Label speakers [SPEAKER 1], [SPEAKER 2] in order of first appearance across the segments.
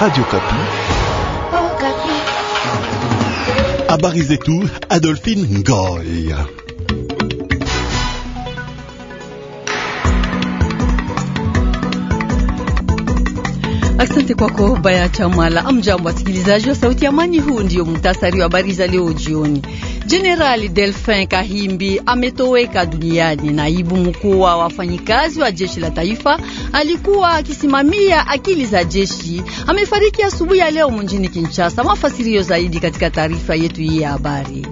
[SPEAKER 1] Radio Kapi. Habari zetu Adolphine Ngoy.
[SPEAKER 2] Asante kwako Baya Chamala. Amjambo wasikilizaji wa Sauti ya Amani, huu ndio mtasari wa habari za leo jioni. Jenerali Delfin Kahimbi ametoweka duniani. Naibu mkuu wa wafanyikazi wa jeshi la taifa alikuwa akisimamia akili za jeshi, amefariki asubuhi ya leo mjini Kinshasa. Mafasirio zaidi katika taarifa yetu hii ya habari.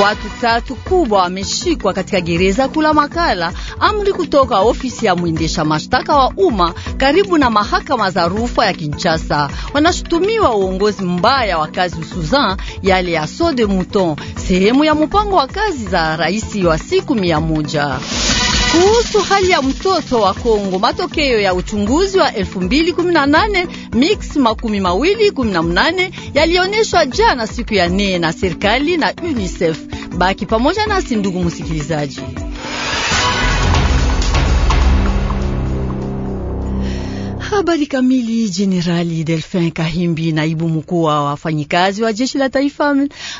[SPEAKER 2] Watu tatu kubwa wameshikwa katika gereza kula Makala, amri kutoka ofisi ya mwendesha mashtaka wa umma karibu na mahakama za rufaa ya Kinshasa. Wanashutumiwa uongozi mbaya wa kazi usuzan yale ya Sode Mouton, sehemu ya mpango wa kazi za rais wa siku mia moja kuhusu hali ya mtoto wa Kongo. Matokeo ya uchunguzi wa 2018 mix makumi mawili 18 yalionyeshwa jana siku ya nne na serikali na UNICEF. Baki pamoja nasi ndugu msikilizaji. Habari kamili. Jenerali Delfin Kahimbi, naibu mkuu wa wafanyikazi wa jeshi la taifa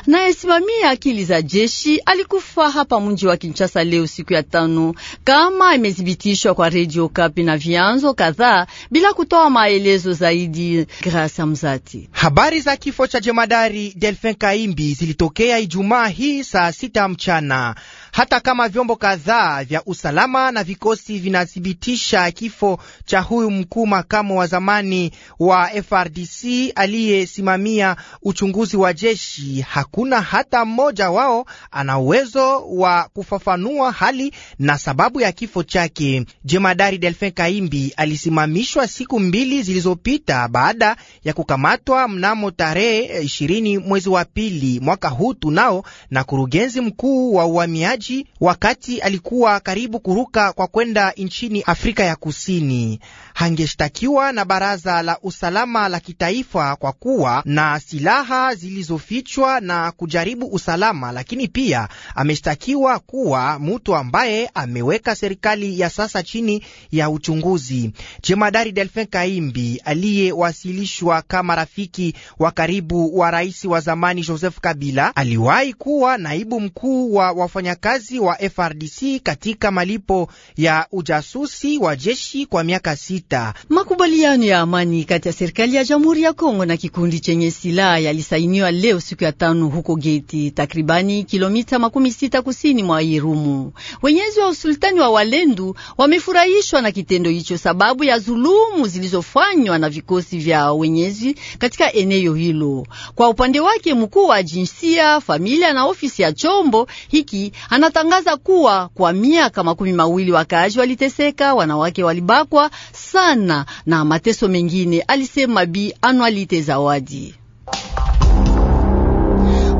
[SPEAKER 2] anayesimamia akili za jeshi, alikufa hapa mji wa Kinshasa leo siku ya tano, kama imethibitishwa kwa redio Kapi na vyanzo kadhaa, bila kutoa maelezo zaidi. Grasa Mzati. Habari za kifo cha jemadari Delfin Kahimbi
[SPEAKER 3] zilitokea Ijumaa hii saa sita mchana hata kama vyombo kadhaa vya usalama na vikosi vinathibitisha kifo cha huyu mkuu makamo wa zamani wa FRDC aliyesimamia uchunguzi wa jeshi, hakuna hata mmoja wao ana uwezo wa kufafanua hali na sababu ya kifo chake. Jemadari Delfin Kaimbi alisimamishwa siku mbili zilizopita baada ya kukamatwa mnamo tarehe 20 mwezi wa pili mwaka huu tunao na kurugenzi mkuu wa uhamiaji maji wakati alikuwa karibu kuruka kwa kwenda nchini Afrika ya Kusini. Hangeshtakiwa na baraza la usalama la kitaifa kwa kuwa na silaha zilizofichwa na kujaribu usalama, lakini pia ameshtakiwa kuwa mtu ambaye ameweka serikali ya sasa chini ya uchunguzi. Jemadari Delfin Kaimbi aliyewasilishwa kama rafiki wa karibu wa rais wa zamani Joseph Kabila aliwahi kuwa naibu mkuu wa wafanyakazi wafanyakazi wa FRDC katika malipo ya ujasusi wa jeshi kwa miaka sita.
[SPEAKER 2] Makubaliano ya amani kati ya serikali ya Jamhuri ya Kongo na kikundi chenye silaha yalisainiwa leo siku ya tano huko Geti, takribani kilomita makumi sita kusini mwa Irumu. Wenyezi wa usultani wa Walendu wamefurahishwa na kitendo hicho sababu ya zulumu zilizofanywa na vikosi vya wenyezi katika eneo hilo. Kwa upande wake mkuu wa jinsia, familia na ofisi ya chombo hiki ana anatangaza kuwa kwa miaka makumi mawili wakaaji waliteseka, wanawake walibakwa sana na mateso mengine, alisema Bi Anwalite Zawadi.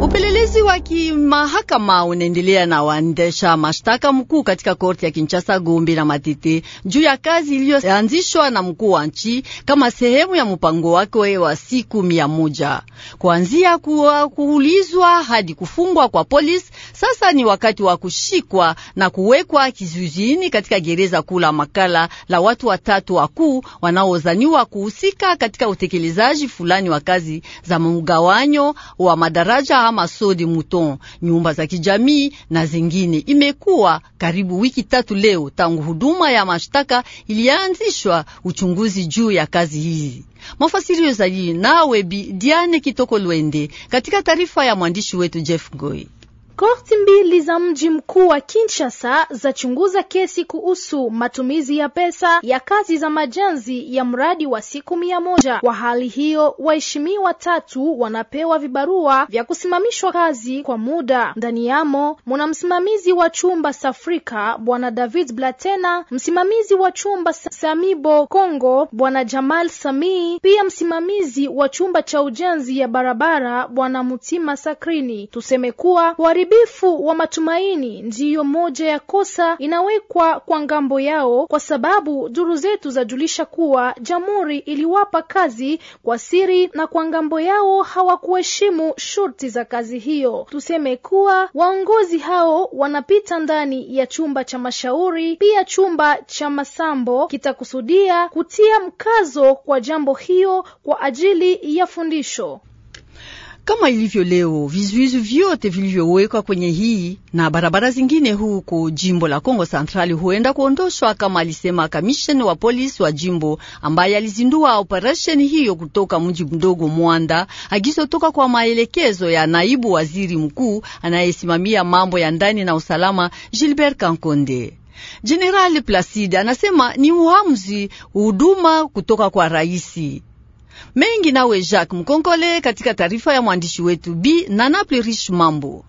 [SPEAKER 2] Upelelezi wa kimahakama unaendelea na waendesha mashtaka mkuu katika korti ya Kinshasa, Gombe na Matete juu ya kazi iliyoanzishwa na mkuu wa nchi kama sehemu ya mpango wake wa siku mia moja kuanzia kuulizwa hadi kufungwa kwa polisi sasa ni wakati wa kushikwa na kuwekwa kizuizini katika gereza kuu la Makala la watu watatu wakuu wanaozaniwa kuhusika katika utekelezaji fulani wa kazi za mgawanyo wa madaraja ama sodi muton, nyumba za kijamii na zingine. Imekuwa karibu wiki tatu leo tangu huduma ya mashtaka ilianzishwa uchunguzi juu ya kazi hizi. Mafasirio zaidi nawe Bi Diane Kitoko Lwende katika taarifa ya mwandishi wetu Jeff Goy.
[SPEAKER 4] Korti mbili za mji mkuu wa Kinshasa zachunguza kesi kuhusu matumizi ya pesa ya kazi za majenzi ya mradi wa siku mia moja. Kwa hali hiyo, waheshimiwa tatu wanapewa vibarua vya kusimamishwa kazi kwa muda. Ndani yamo muna msimamizi wa chumba Safrika bwana David Blatena, msimamizi wa chumba Samibo Kongo bwana Jamal Samii, pia msimamizi wa chumba cha ujenzi ya barabara bwana Mutima Sakrini. Tuseme kuwa wari Uharibifu wa matumaini ndiyo moja ya kosa inawekwa kwa ngambo yao, kwa sababu duru zetu zajulisha kuwa jamhuri iliwapa kazi kwa siri na kwa ngambo yao hawakuheshimu shurti za kazi hiyo. Tuseme kuwa waongozi hao wanapita ndani ya chumba cha mashauri, pia chumba cha masambo kitakusudia kutia mkazo kwa jambo hiyo kwa ajili ya fundisho
[SPEAKER 2] kama ilivyo leo, vizuizi vyote vilivyowekwa kwenye hii na barabara zingine huko jimbo la Kongo Centrali huenda kuondoshwa, kama alisema kamisheni wa polisi wa jimbo ambaye alizindua operesheni hiyo kutoka mji mdogo Mwanda, akizotoka kwa maelekezo ya naibu waziri mkuu anayesimamia mambo ya ndani na usalama Gilbert Kankonde. Jenerali Placide anasema ni uamuzi huduma kutoka kwa raisi mengi nawe Jacques Mkonkole katika taarifa ya mwandishi wetu b Nanapli Rich Mambo.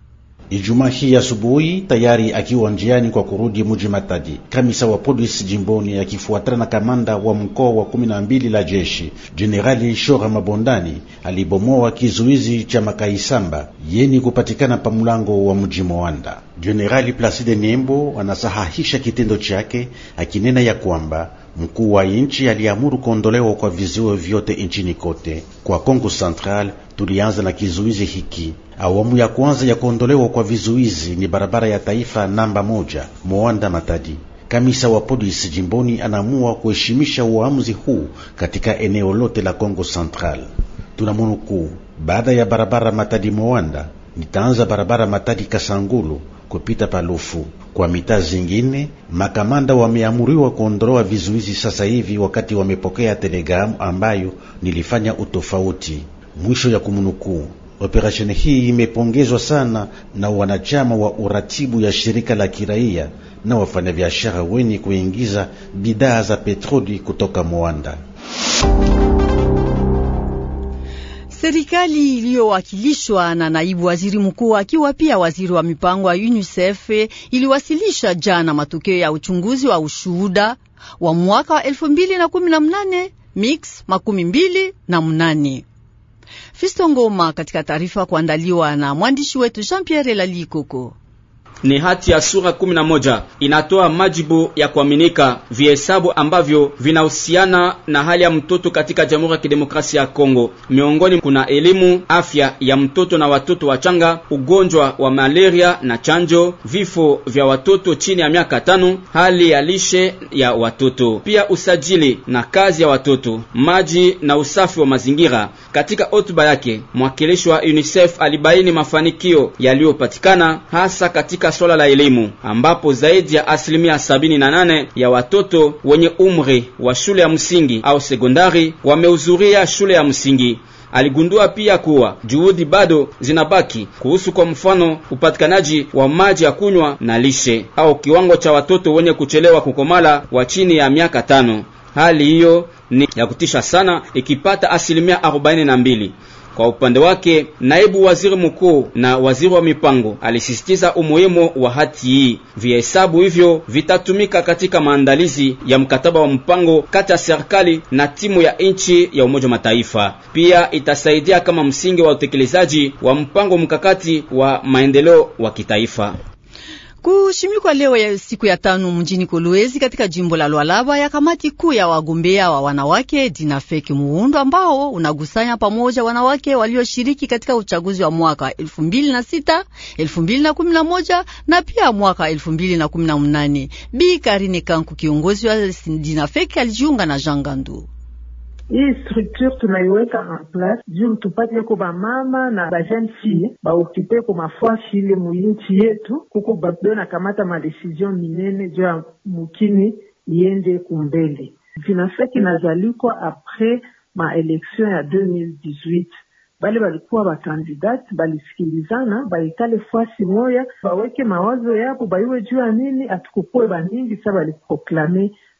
[SPEAKER 1] Ijumaa hii asubuhi tayari akiwa njiani kwa kurudi mji Matadi, kamisa wa polisi jimboni akifuatana na kamanda wa mkoa wa kumi na mbili la jeshi Jenerali Shora Mabondani alibomoa kizuizi cha Makaisamba yeni kupatikana pa mulango wa mji Moanda. Jenerali Placide Nembo anasahahisha kitendo chake akinena ya kwamba mkuu wa nchi aliamuru kuondolewa kwa vizuio vyote nchini kote. Kwa Kongo Central tulianza na kizuizi hiki. Awamu ya kwanza ya kuondolewa kwa vizuizi ni barabara ya taifa namba moja Moanda Matadi. Kamisa wa polisi jimboni anaamua kuheshimisha uamuzi huu katika eneo lote la Kongo Central. tunamunukuu baada ya barabara Matadi Mwanda, nitaanza barabara Matadi Kasangulu kupita palufu kwa mitaa zingine. Makamanda wameamuriwa kuondoa vizuizi sasa hivi, wakati wamepokea telegramu ambayo nilifanya utofauti. Mwisho ya kumnukuu. Operesheni hii imepongezwa sana na wanachama wa uratibu ya shirika la kiraia na wafanyabiashara wenye kuingiza bidhaa za petroli kutoka Moanda.
[SPEAKER 2] Serikali iliyowakilishwa na naibu waziri mkuu akiwa pia waziri wa mipango ya UNICEF iliwasilisha jana matokeo ya uchunguzi wa ushuhuda wa mwaka wa 2018 mix makumi mbili na mnane. Fisto Ngoma katika taarifa kuandaliwa na mwandishi wetu Jean Pierre Lalikoko
[SPEAKER 5] ni hati ya sura 11 inatoa majibu ya kuaminika vihesabu ambavyo vinahusiana na hali ya mtoto katika Jamhuri ya Kidemokrasia ya Kongo. Miongoni kuna elimu, afya ya mtoto na watoto wachanga, ugonjwa wa malaria na chanjo, vifo vya watoto chini ya miaka tano, hali ya lishe ya watoto, pia usajili na kazi ya watoto, maji na usafi wa mazingira. Katika hotuba yake, mwakilishi wa UNICEF alibaini mafanikio yaliyopatikana hasa katika swala la elimu, ambapo zaidi ya asilimia sabini na nane ya watoto wenye umri wa shule ya msingi au sekondari wamehudhuria shule ya msingi. Aligundua pia kuwa juhudi bado zinabaki kuhusu, kwa mfano, upatikanaji wa maji ya kunywa na lishe, au kiwango cha watoto wenye kuchelewa kukomala wa chini ya miaka tano. Hali hiyo ni ya kutisha sana, ikipata asilimia arobaini na mbili. Kwa upande wake, naibu waziri mkuu na waziri wa mipango alisisitiza umuhimu wa hati hii. Vihesabu hivyo vitatumika katika maandalizi ya mkataba wa mpango kati ya serikali na timu ya nchi ya Umoja Mataifa. Pia itasaidia kama msingi wa utekelezaji wa mpango mkakati wa maendeleo wa kitaifa.
[SPEAKER 2] Kushimikwa leo ya siku ya tano mjini Kolwezi katika jimbo la Lwalaba ya kamati kuu ya wagombea wa wanawake dinafeki muundo ambao unagusanya pamoja wanawake walioshiriki katika uchaguzi wa mwaka 2006, 2011 na pia mwaka 2018. Bi Karine Kanku, kiongozi wa dinafeki, alijiunga na Jangandu. Hii
[SPEAKER 6] structure tunaiweka en place juu tupate ko bamama na bajene fille baokipe ko mafwasi ile muinchi yetu, kuko babdo nakamata madesizyon minene juu ya mukini iende kumbele. Vinasa kinazalikwa apres maeleksyon ya 2018 bale balikuwa bakandidati balisikilizana, baikale fwasi moya, baweke mawazo yapo, baiwe juu ya nini, atukukue baningi sa baliproklame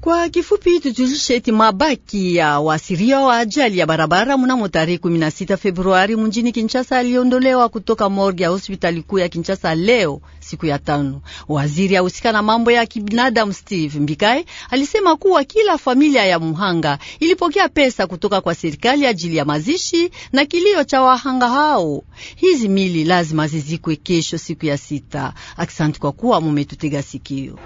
[SPEAKER 2] Kwa kifupi tujulishe eti mabaki ya waasiria wa ajali ya barabara mnamo tarehe 16 Februari mjini Kinshasa aliondolewa kutoka morgue ya hospitali kuu ya Kinshasa leo siku ya tano. Waziri ahusika na mambo ya kibinadamu Steve Mbikai alisema kuwa kila familia ya muhanga ilipokea pesa kutoka kwa serikali ajili ya mazishi na kilio cha wahanga hao. Hizi mili lazima zizikwe kesho siku ya sita. Aksanti kwa kuwa mumetutega sikio.